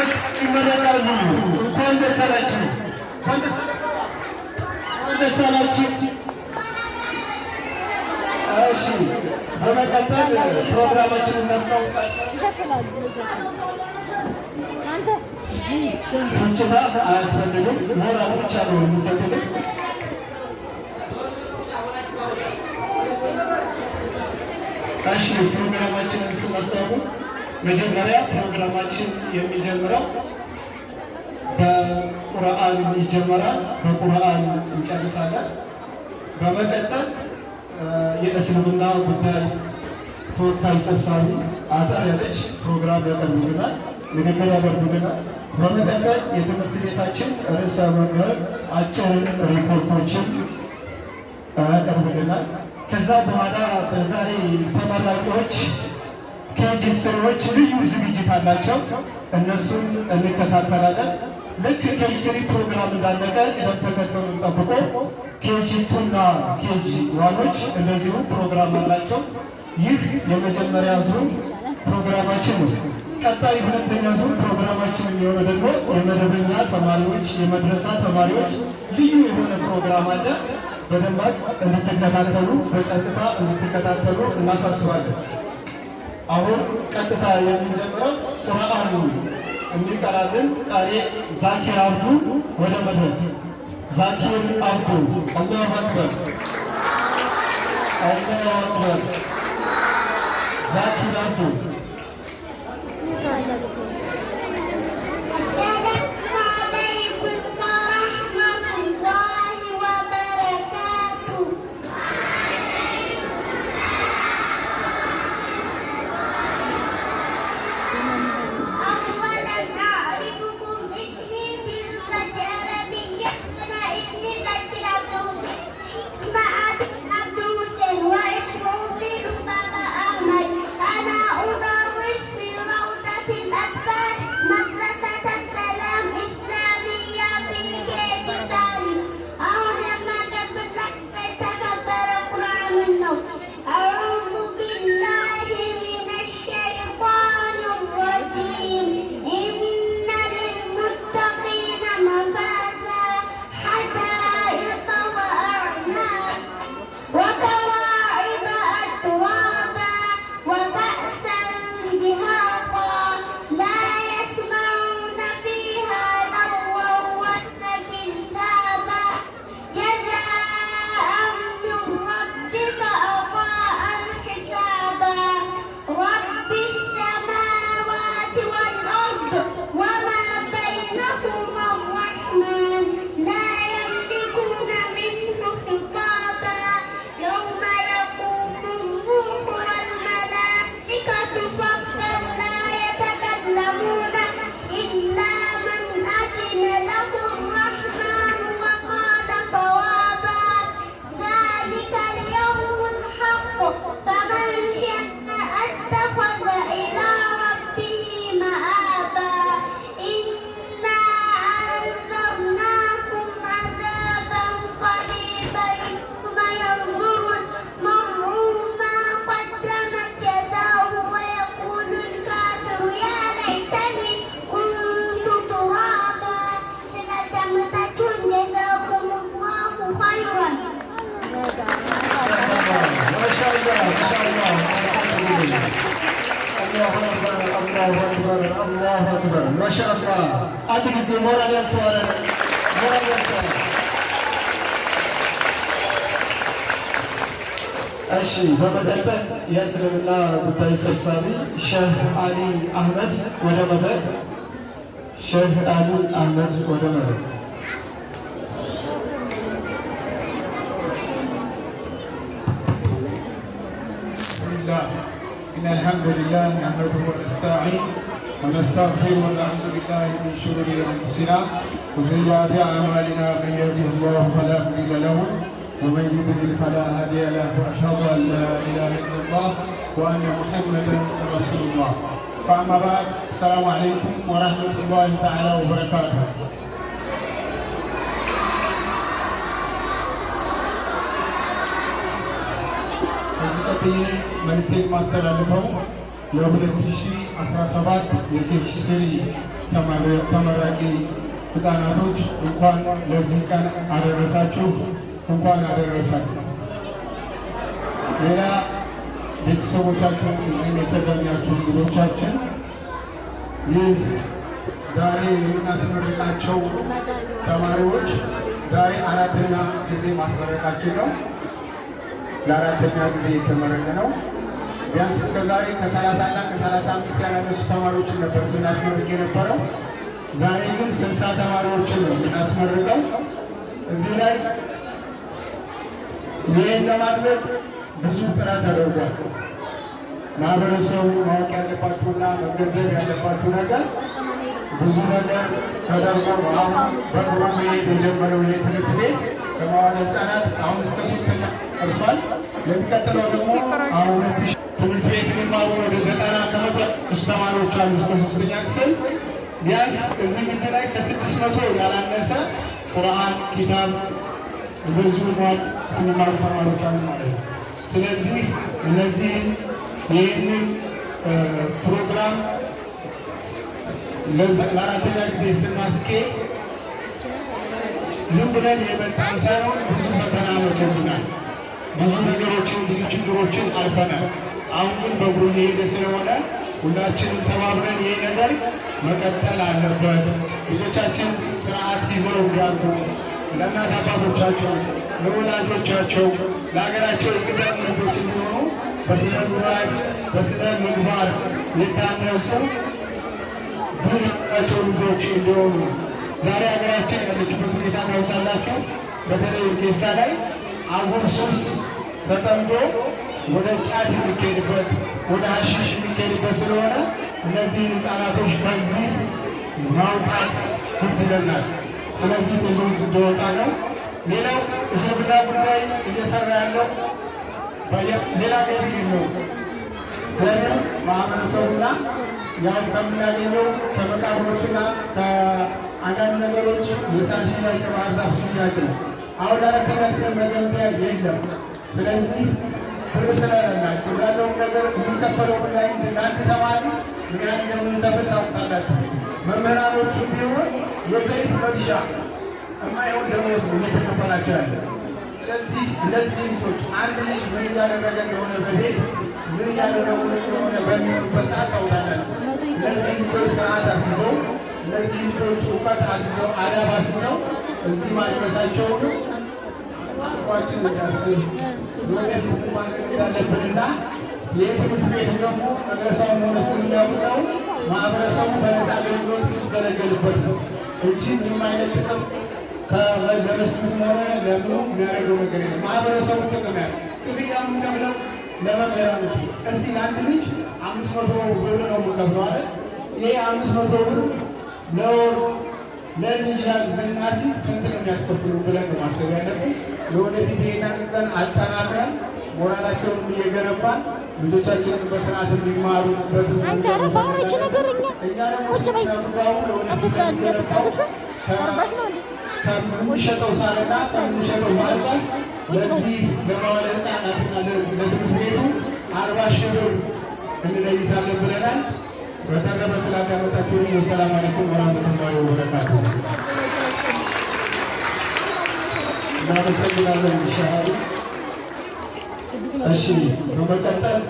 ልጆች ይመረቃሉ። እንኳን ደስ አላችሁ፣ እንኳን ደስ አላችሁ። እሺ፣ በመቀጠል ፕሮግራማችን እናስታውቃለን። ፉጭታ አያስፈልግም፣ ሞራ ብቻ ነው የሚሰጥልን። እሺ፣ ፕሮግራማችንን ስናስታውቅ መጀመሪያ ፕሮግራማችን የሚጀምረው በቁርአን ይጀመራል። በቁርአን እንጨርሳለን። በመቀጠል የእስልምና ጉዳይ ተወካይ ሰብሳቢ አጠር ያለች ፕሮግራም ያቀርቡልናል፣ ንግግር ያደርጉልናል። በመቀጠል የትምህርት ቤታችን ርዕሰ መምህር አጭር ሪፖርቶችን ያቀርቡልናል። ከዛ በኋላ በዛሬ ተመራቂዎች ከዲስ ሰዎች ልዩ ዝግጅት አላቸው። እነሱን እንከታተላለን። ልክ ኬጅ ስሪ ፕሮግራም እንዳለቀ ቅደም ተከተሉ ጠብቆ ኬጂ ቱና ኬጂ ዋኖች እንደዚሁ ፕሮግራም አላቸው። ይህ የመጀመሪያ ዙር ፕሮግራማችን ነው። ቀጣይ ሁለተኛ ዙር ፕሮግራማችን የሚሆነ ደግሞ የመደበኛ ተማሪዎች የመድረሳ ተማሪዎች ልዩ የሆነ ፕሮግራም አለ። በደማቅ እንድትከታተሉ በጸጥታ እንድትከታተሉ እናሳስባለን። አሁን ቀጥታ የምንጀምረው ቁርአኑ የሚቀራልን ቃሪ ዛኪር አብዱ ወደ መድረክ ዛኪር አብዱ። አላሁ አክበር፣ አላሁ አክበር። ዛኪር አብዱ አላሁ አክበር ማሻአላህ። አንድ ጊዜ ሞራል ያንሰዋለን። እሺ፣ በመቀጠል የእስልምና ጉዳይ ሰብሳቢ ሼህ አሊ አህመድ ወደ መድረክ ሼህ አሊ አህመድ ወደ መድረክ إن الحمد لله نحمده ونستعين ونستغفره ونعوذ بالله من شرور أنفسنا وسيئات أعمالنا من يهده الله فلا مضل له ومن يضلل فلا هادي له وأشهد أن لا إله إلا الله وأن محمدا رسول الله فأما بعد السلام عليكم ورحمة الله تعالى وبركاته መልእክቴን ማስተላልፈው ለ2017 የኬሚስትሪ ተመራቂ ህፃናቶች እንኳን ለዚህ ቀን አደረሳችሁ፣ እንኳን አደረሳት። ሌላ ቤተሰቦቻችሁ፣ እዚህም የተገኛችሁ እንግዶቻችን ይህ ዛሬ የምናስመርቃቸው ተማሪዎች ዛሬ አራተኛ ጊዜ ማስመረቃችን ነው። ለአራተኛ ጊዜ የተመረቀ ነው። ቢያንስ እስከዛሬ ከሰላሳ እና ከሰላሳ አምስት ያላነሱ ተማሪዎችን ነበር ስናስመርቅ የነበረው። ዛሬ ግን ስልሳ ተማሪዎችን ነው የምናስመርቀው። እዚህ ላይ ይህን ለማድረግ ብዙ ጥረት ተደርጓል። ማህበረሰቡ ማወቅ ያለባቸውና መገንዘብ ያለባቸው ነገር ብዙ ነገር ተደርጎ አሁን በቅርቡ መሄድ የጀመረው ይህ ትምህርት ቤት በመዋለ ሕፃናት አሁን እስከ ሶስተኛ ደርሷል። የሚቀጥለው ደግሞ አሁን ትምህርት ቤት የሚማሩ ወደ ዘጠና ከመቶ ተማሪዎች አሉ እስከ ሶስተኛ ክፍል ቢያንስ እዚህ ግቢ ላይ ከስድስት መቶ ያላነሰ ቁርአን ኪታብ እንደዚሁ ሟል የሚማሩ ተማሪዎች አሉ ማለት ነው። ስለዚህ እነዚህን ይህንን ፕሮግራም ለአራተኛ ጊዜ ስናስኬ ዝም ብለን የመጣን ሳይሆን ብዙ ፈተና መቶብናል። ብዙ ነገሮችን ብዙ ችግሮችን አልፈናል። አሁን ግን በእግሩ እየሄደ ስለሆነ ሁላችንም ተባብረን ይህ ነገር መቀጠል አለበት። ብዙዎቻችን ስርዓት ይዘው እንዲያልፉ ለእናት አባቶቻቸው፣ ለወላጆቻቸው፣ ለሀገራቸው የቅደም ልጆች እንዲሆኑ በስነ ምግባር በስነ ምግባር የታነሱ ብዙ ልጆች እንዲሆኑ ዛሬ ሀገራችን ያለችበት ሁኔታ ታውቃላችሁ። በተለይ ጌሳ ላይ አጉል ሱስ ተጠምዶ ወደ ጫት የሚካሄድበት ወደ ሀሺሽ የሚካሄድበት ስለሆነ እነዚህን ህፃናቶች ከዚህ ማውጣት ግድ ስለዚህ ትሉ እንደወጣ ነው። ሌላው እስልምና ጉዳይ እየሰራ ያለው ሌላ ገቢ ነው። ለምን ማህበረሰቡና ያው ከምናገኘው ከመቃብሮችና አንዳንድ ነገሮች የሳንቲላቸው ባህርዛፍ ሽያጭ ነው። አሁን አረከላቸው መገንቢያ የለም። ስለዚህ ብር ስለሌላቸው ያለውን ነገር የሚከፈለው ላይ ለአንድ ተማሪ ምን ያህል እንደምንከፍል ታውቃላችሁ። መምህራኖቹ ቢሆን የዘይት መግዣ የማይሆን ደሞዝ እየተከፈላቸው ያለ። ስለዚህ እነዚህ ልጆች አንድ ልጅ ምን እያደረገ እንደሆነ በቤት ምን እያደረጉ እንደሆነ በሚሉበት ሰዓት ታውቃላችሁ። እነዚህ ልጆች ስርዓት አስይዘው እነዚህ ልጆች እውቀት አስይዘው አዳብ አስይዘው እዚህ ማድረሳቸውን ቋችን እንዳስብ ወደፊት ማድረግ እንዳለብንና የትምህርት ቤት ደግሞ መድረሳው ሆነ ስንዳምጠው ማህበረሰቡ በነፃ አገልግሎት ይገለገልበት ነው እንጂ ምንም አይነት ጥቅም ከበለመስቱም ሆነ ለምኑ የሚያደርገው ነገር የለም። ማህበረሰቡ ጥቅም ያለ ጥቅያ የምንከፍለው ለመምህራኖች እስቲ ለአንድ ልጅ አምስት መቶ ብር ነው የምንከፍለው አይደል? ይሄ አምስት መቶ ብር ለወሩ ለኢንሹራንስ ብናሲዝ ስንት ነው የሚያስከፍሉ ብለን ማሰብ ያለብን። ለወደፊት ይህንን አጠናክረን ሞራላቸውን እየገነባን ልጆቻችንን በስርዓት እንዲማሩ ሳርና ከምንሸጠው ማዕዛን ለዚህ ለማዋለ ሕፃናትና ለትምህርት ቤቱ አርባ ሺህ ብር እንለይታለን ብለናል። በተረፈ ስላዳመጣችሁ አለይኩም ወራህመቱላሂ እናመሰግናለን። እሺ፣ በመቀጠል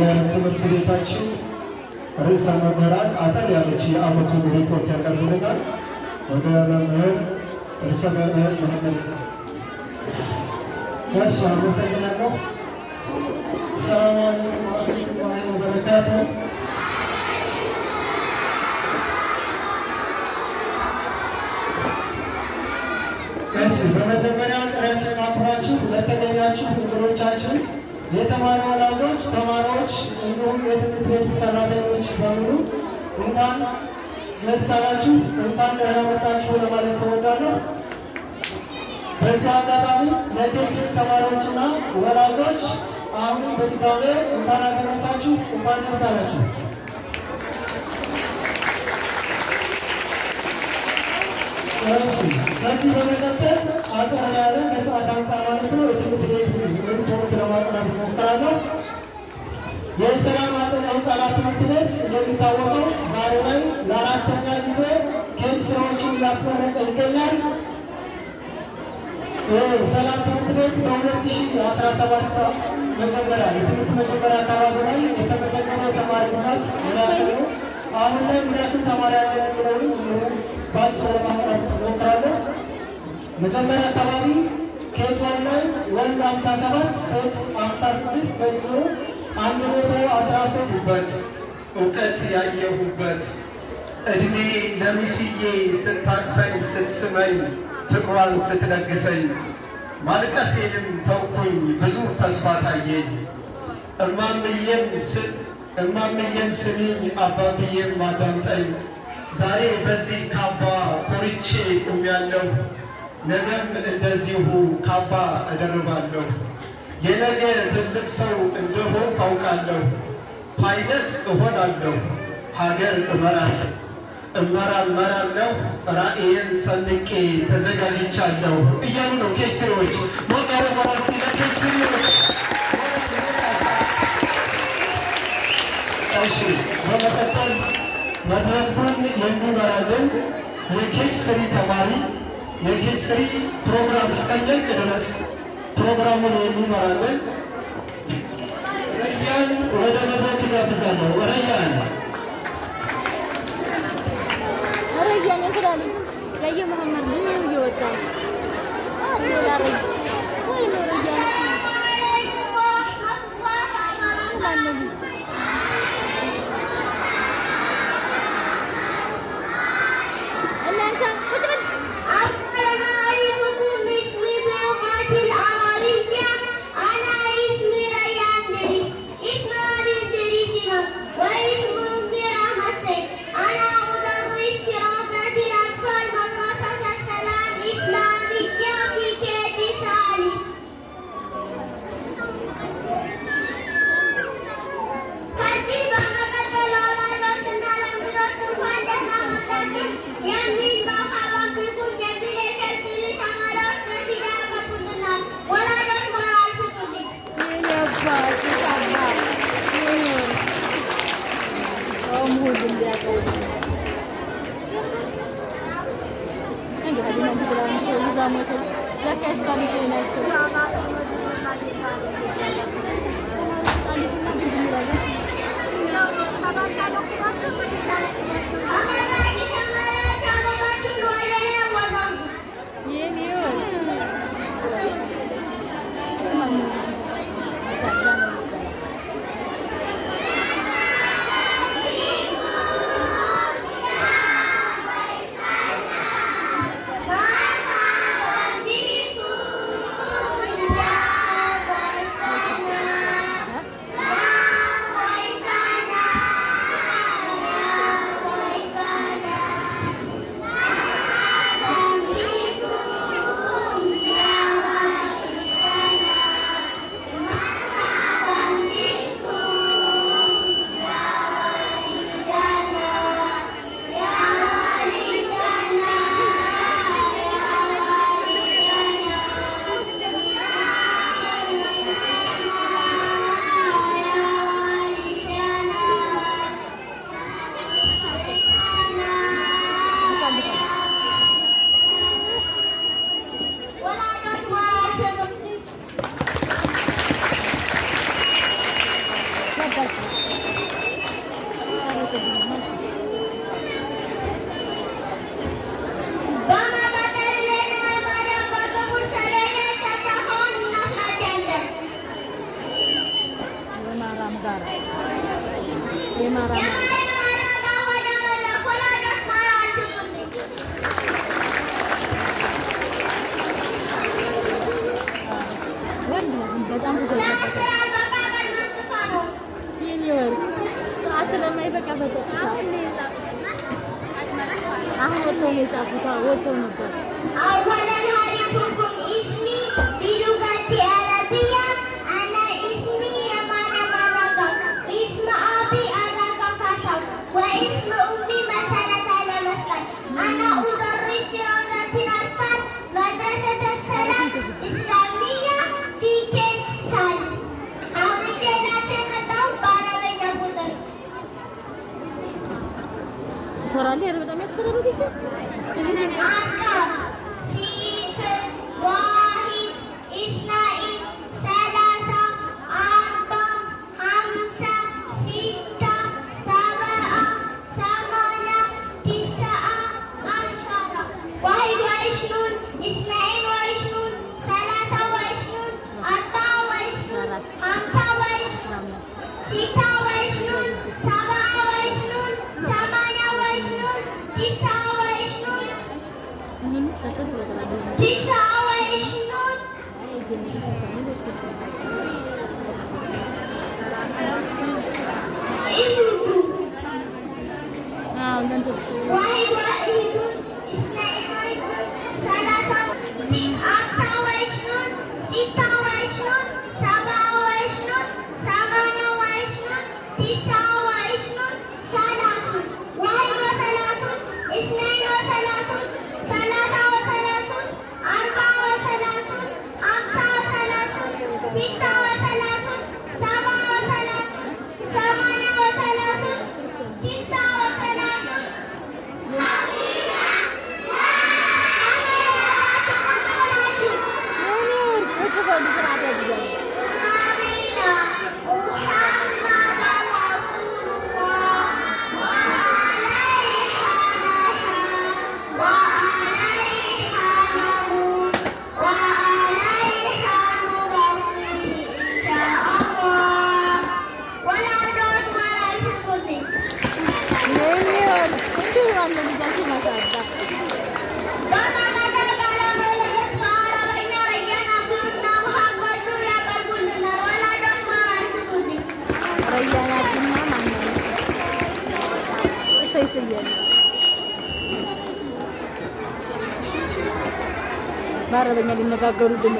የትምህርት ቤታችን ርዕሰ መምህራን አጠር ያለች የአመቱን ሪፖርት ወደ መምህር ርዕሰ መምህር እሺ፣ አመሰግናለሁ። ሰላም አለይኩም ወራህመቱላሂ የተማሪ ወላጆች፣ ተማሪዎች እንዲሁም የትምህርት ቤት ሰራተኞች በሙሉ እንኳን ደስ አላችሁ፣ እንኳን ደህና መጣችሁ ለማለት ተወዳለሁ። በዚህ አጋጣሚ ለቴክስ ተማሪዎችና ወላጆች አሁንም በድጋሜ እንኳን አደረሳችሁ፣ እንኳን ደስ አላችሁ። በዚህ በመቀጠል ሰዓቱ ያለ ከሰዓት አንፃር ማለት ነው። ቤት ትምህርት ለማቅረብ ሞክራለሁ። የሰላም ትምህርት ቤት እንደሚታወቀው ዛሬ ላይ ለአራተኛ ጊዜ ኬክ ስራዎችን እያስመረቀ ትምህርት ቤት በ2017 መጀመሪያ የትምህርት መጀመሪያ አካባቢ ላይ የተመዘገበ ተማሪ ብዛት አሁን ላይ ምን ተማሪ ያለ የሚለውን ባጭሩ ለማቅረብ ሞክራለሁ። መጀመሪያ አካባቢ ከቷል ላይ ወንድ 57 ሴት 56 በድምሩ 113 በት እውቀት ያየሁበት እድሜ ለሚስዬ ስታቅፈኝ ስትስመኝ ፍቅሯን ስትለግሰኝ ማልቀሴንም ተውኩኝ ብዙ ተስፋ ታየኝ። እማምዬም ስሚኝ አባብዬም አዳምጠኝ ዛሬ በዚህ ካባ ኮርቼ ቁሚያለሁ። ነገም እንደዚሁ ካባ እደርባለሁ። የነገ ትልቅ ሰው እንደሆን ታውቃለሁ። ፓይለት እሆናለሁ፣ ሀገር እመራለሁ። እመራመራለሁ ራእየን ሰንቄ ተዘጋጅቻለሁ እያሉ ነው ኬሲዎች ሞቃሩ ማራስ በመቀጠል መድረኩን የሚመራልን የኬክ ስሪ ተማሪ የኬፕስሪ ፕሮግራም እስከለቅ ድረስ ፕሮግራሙን የሚመራለን ረያን ወደ መድረክ ይጋብዛለሁ። ረያን ረያን እንክላለን ያየ መሀመድ ልዩ እየወጣ ላ I want para dengan ini kakak rutin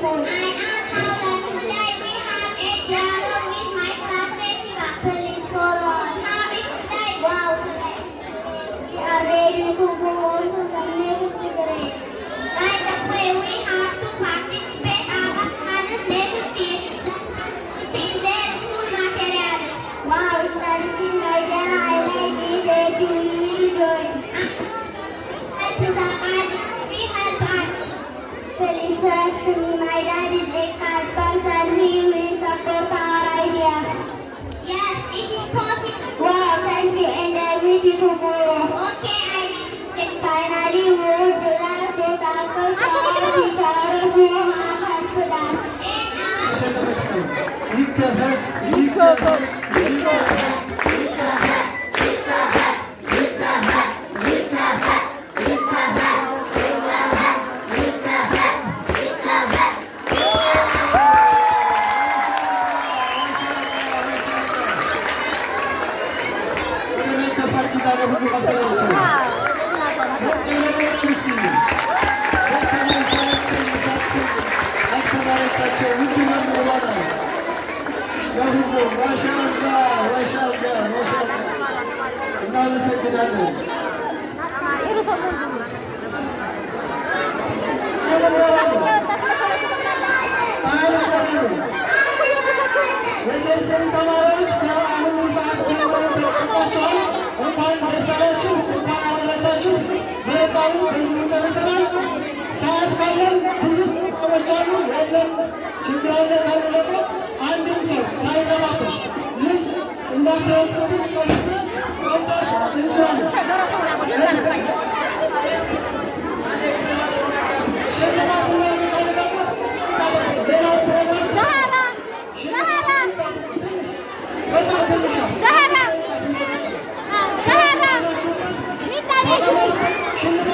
you Yes, it is possible. Wow, thank you, Okay, I Finally, we ah, will የኢንተርሴት ተማሪዎች ከአሁኑ ሰዓት ጀምሮ ተቆጣቸዋል። እንኳን ደስ አላችሁ፣ እንኳን አደረሳችሁ። መረባሩ በዚህ ጨርሰናል። ሰዓት ካለን ብዙ ቁጥሮች አሉ ያለን ችግራለ ካለለቆ አንድም ሰው ሳይገባበት ልጅ እንዳትረቁብን ቀስነ መውጣት እንችላለን። Sahara Sahara Mita